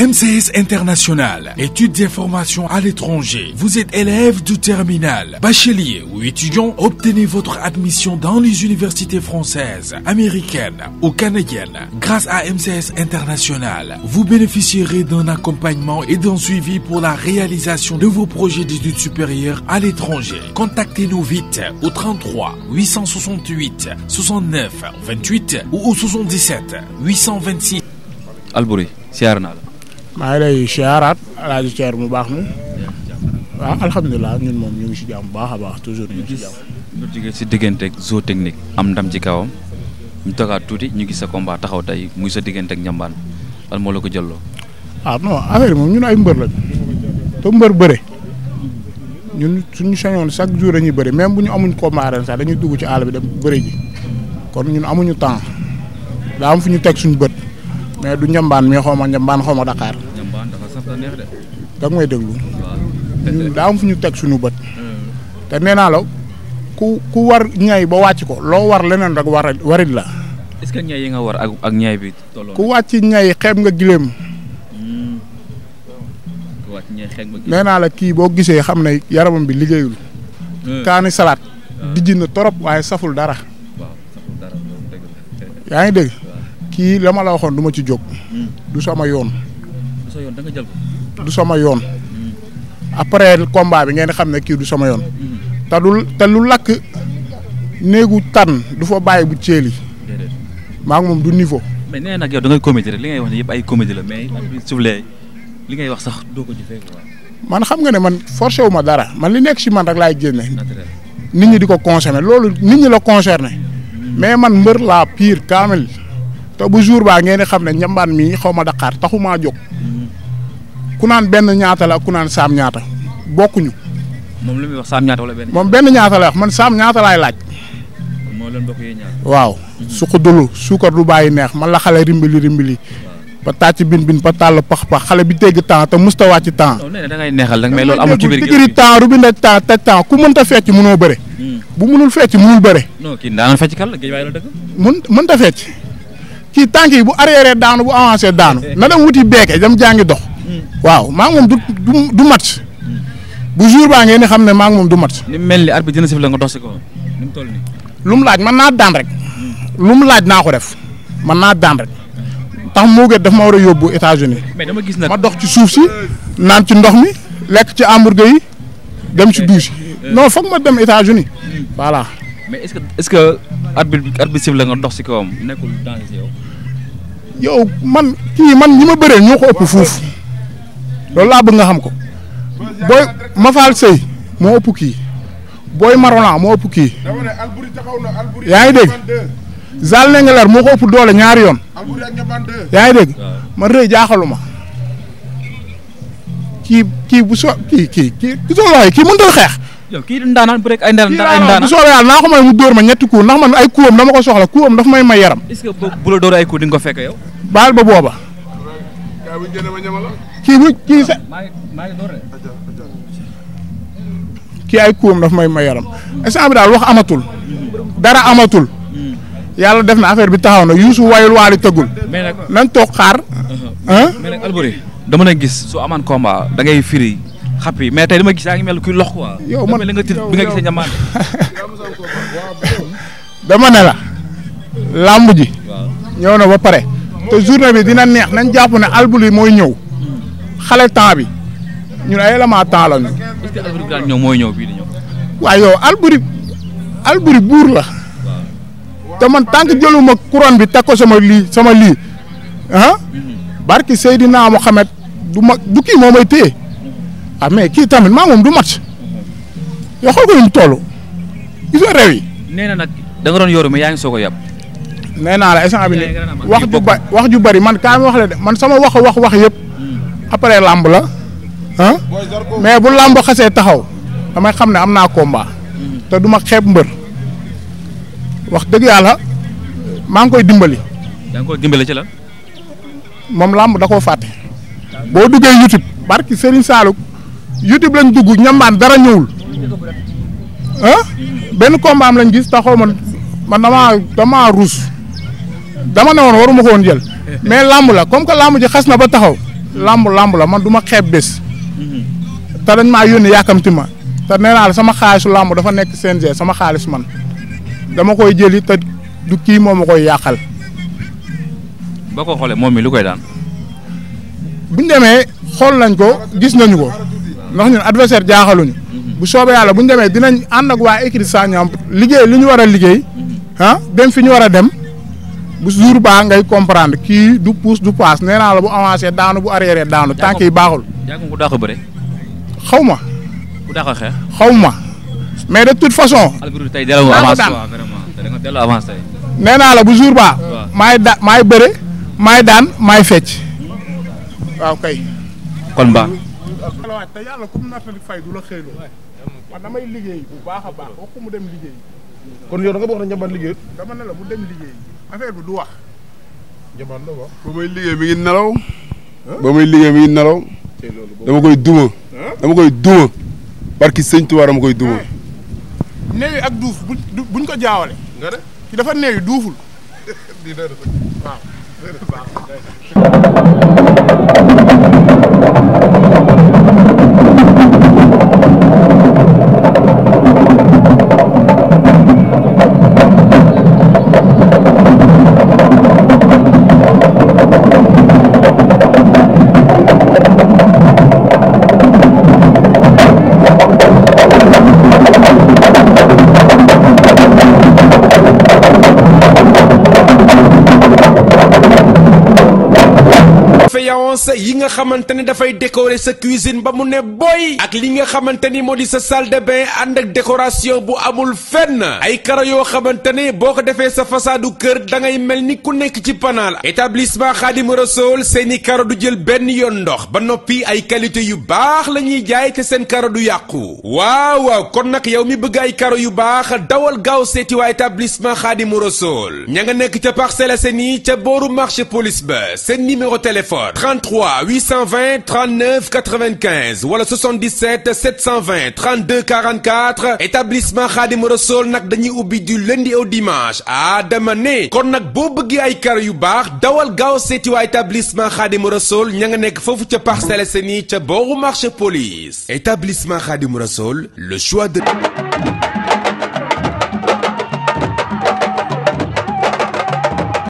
MCS International, études et formations à l'étranger. Vous êtes élève du terminal, bachelier ou étudiant, obtenez votre admission dans les universités françaises, américaines ou canadiennes. Grâce à MCS International, vous bénéficierez d'un accompagnement et d'un suivi pour la réalisation de vos projets d'études supérieures à l'étranger. Contactez-nous vite au 33 868 69 28 ou au 77 826. Albori, c'est maa ngi lay siyaaraat alaaji ceer mu baax mi waaw alhamdulilah ñun moom ñu ngi si jàmm bu baax a baax toujours ñu ngi si jàmm. ñu jógee si diggante ak zoo technique am ndam ci kawam ñu toogaat tuuti ñu gis sa combat taxaw tey muy sa diggante ak njambaan lan moo la ko jëlloo. ah non affaire moom ñun ay mbër lañ te mbër bëre ñun suñu sañoon chaque jour dañuy bëri même bu amuñ combat ren sax dañuy dugg ci àll bi dem bëri ji kon ñun amuñu temps daa am fu ñu suñu bët mais du njambaan mi xaw ma njambaan Dakar. dag may déglu ñun daa fu ñu teg suñu bët te nee naa la ku ku war ñay ba wàcc ko loo war leneen rek war warit la yi nga war ak ñay bi tolloo hmm. ku wàcc ñay xeeb nga gileem nee la kii boo gisee xam ne yaramam bi liggéeyul hmm. kaani salaat dijji na torop waaye saful dara yaa ngi dégg kii la ma la waxoon du ma ci jóg hmm. du sama yoon sa yoon da jël ko. du sama yoon. après combat bi ngeen xam ne kii du sama yoon. te du lakk néegu tan du fa bàyyi bu ceeli. maa moom du niveau. mais nee nag yow da ngay li ngay wax yëpp ay comédie la mais suufulee li ngay wax sax doo ko jëfee man xam nga ne man forcé wu ma dara man li nekk si man rek laay génne. nit ñi di ko concerné loolu nit ñi la concerné. Mm. mais man mbër laa pire kaamil. te bu jour baa ngeen di xam ne njambaan mii xaw ma Dakar maa jóg ku naan benn ñaata la ku naan saam ñaata bokkuñu. moom lu muy wax saam ñaata wala benn. moom benn ñaata la wax man saam ñaata laay laaj. moo leen bokk yee ñaar. waaw mhm. su ko dul suukar du bàyyi neex man la xale rimbili rimbili. ba tàcc bin bin ba tàll pax pax xale bi dégg temps te musta wàcc temps. non nee na da neexal nag mais loolu amul ci biir digiri temps rubine temps taj temps ku mënta fecc mënoo bëre. Hmm. bu mënul fecc mënul bëre. non kii daan fecc kan la géej waaye la dëkk. mën mënta fecc. kii tànk yi bu arrière daanu bu avancé daanu na dem wuti beeke dem jàngi dox hmm. waaw maa ngi moom du du hmm. bu jour baa ngeen xam ne maa moom du mat. ni mel ni arbitre dina sif la nga dox si ko ni mu toll nii laaj man naa daan rek hmm. lu mu laaj naa ko def man naa daan rek tax moo gën daf ma war a yóbbu États-Unis dama gis nag ma dox ci suuf si naan ci ndox mi lekk ci hamburger yi dem ci douche eh, eh, eh. non foog ma dem États-Unis voilà arbitre bi arbitre la nga dox si kawam nekkul danger yow. man kii man ñi ma bëree ñoo ko ëpp fuuf loolu laa bëgg nga xam ko booy Mafal Seye moo ëpp kii booy Marona moo ëpp kii yaa ngi dégg Zal Nengeler moo ko ëpp doole ñaari yoon yaa ngi dégg man rëy jaaxaluma kii kii bu so kii kii kii soo waaye kii mënut xeex. yow kii ndaanaan bu rek ay ndaanaan ay ndaanaan bu soobee yàlla naa ko may mu dóor ma ñetti coup ndax man ay coup am ba booba. kii bu kii sa. kii ay coup am dafa may may yaram instant bi daal wax amatul. dara amatul. yàlla def na affaire bi taxaw na Youssou wayul waali tëggul. mais nag nan toog xaar. Uh-huh. mais nag Alboury dama na gis su amaan combat da ngay firi xapi mais tay dama gis ya ngi mel kuy lox quoi. yow man nga tir bi nga gisé ñamaan. dama ne la. lamb ji. ñëw na ba paré te journée bi dina neex nañ jàpp ne Alboury moy ñew xalé temps bi ñun ay élément temps la ñu. est-ce que Alboury daan ñëw di la. te man tank jëluma couronne bi teg sama li sama li hein ah? mm-hmm. barki sayidina muhammad du du ki momay may Ame ah, kita kii tamit ngom du match yo xol ko ñu mu toll gis nga réew yi. nee na da nga doon yoru mais yab. la instant bi ni wax ju ba wax ju bari man ka mi wax la de man sama wax wax wax yeb hmm. après lamb la ah mais bu lamb xasse taxaw dama xam ne combat hmm. te duma xeb mbeur wax deug yalla ma ngi koy dimbali. da nga ko dimbali ci lan mom lamb da ko faté bo duggé YouTube barki Serigne saluk. YouTube lañ dugg ñambaan dara ñëwul ah benn combat lañ gis taxaw man man damaa damaa ruus dama ne woon waruma ko woon jël mais làmb la comme que làmb ji xas na ba taxaw làmb làmb la man du ma xeeb bés te dañ maa yónni yàkkamti ma te la sama xaalisu làmb dafa nekk CNG sama xaalis man dama koy jëli te du kii moom ma koy yàqal. ba ko xoolee moom lu koy daan. bu ñu demee xool nañ ko gis nañu ko. ndax ñun adversaire jaaxaluñu bu soobee yàlla buñ ñu dinañ and ak wa écrit sañam liggéey li ñu wara a liggéey ah dem fi ñu war dem bu jour ba ngay comprendre ki du pousse du passe néna la bu avancé daanu bu arrière daanu tànk yi baaxul jàngu ko dàq bëré xawma ma ku dàq xeex xaw mais de toute façon albiru tay delloo avance vraiment da nga delloo avance néna la bu jour ba may may bëré may daan may fecc waaw kay kon ba ak. te yàlla ku mu nattali fay du la xëyloo. man damay liggéey bu baax a baax mu dem liggéey. kon yow da nga wax ne njambaan liggéey. dama ne la mu dem liggéey affaire bi du wax. la wax. ba muy liggéey mi ngi nelaw. ba muy liggéey mi ngi nelaw. dama koy duma. dama koy duma. barki sëñ Tuubaa dama koy duma. néew yi ak duuf buñ ko jaawale. nga ne ki dafa néew yi faïence yi nga xamante ni dafay décorer sa cuisine ba mu ne boy ak li nga xamante ni moo di sa salle de ànd ak décoration bu amul fenn ay karo yoo xamante ni boo ko defee sa façadu kër da ngay mel ni ku nekk ci panaal établissement Khadim Rassoul seeni karo du jël benn yoon ndox ba noppi ay qualité yu baax la ñuy jaay te seen karo du yàqu waaw waaw kon nag yow mi bëgg ay karo yu baax dawal gaaw seeti waa établissement Khadim Rassoul ña nga nekk ca Parcelles Assainies ca booru marché police ba seen numéro téléphone 33 820 39 95 wala 77 720 32 44 établissement Khadim Rassoul nag dañuy ubi du lundi au dimanche ah dama ne kon nak bo ay kar yu bax dawal gaaw seeti wa établissement Khadim Rassoul ña nga nekk fofu ci parcelle Assainies ci marché police établissement Khadim Rassoul le choix de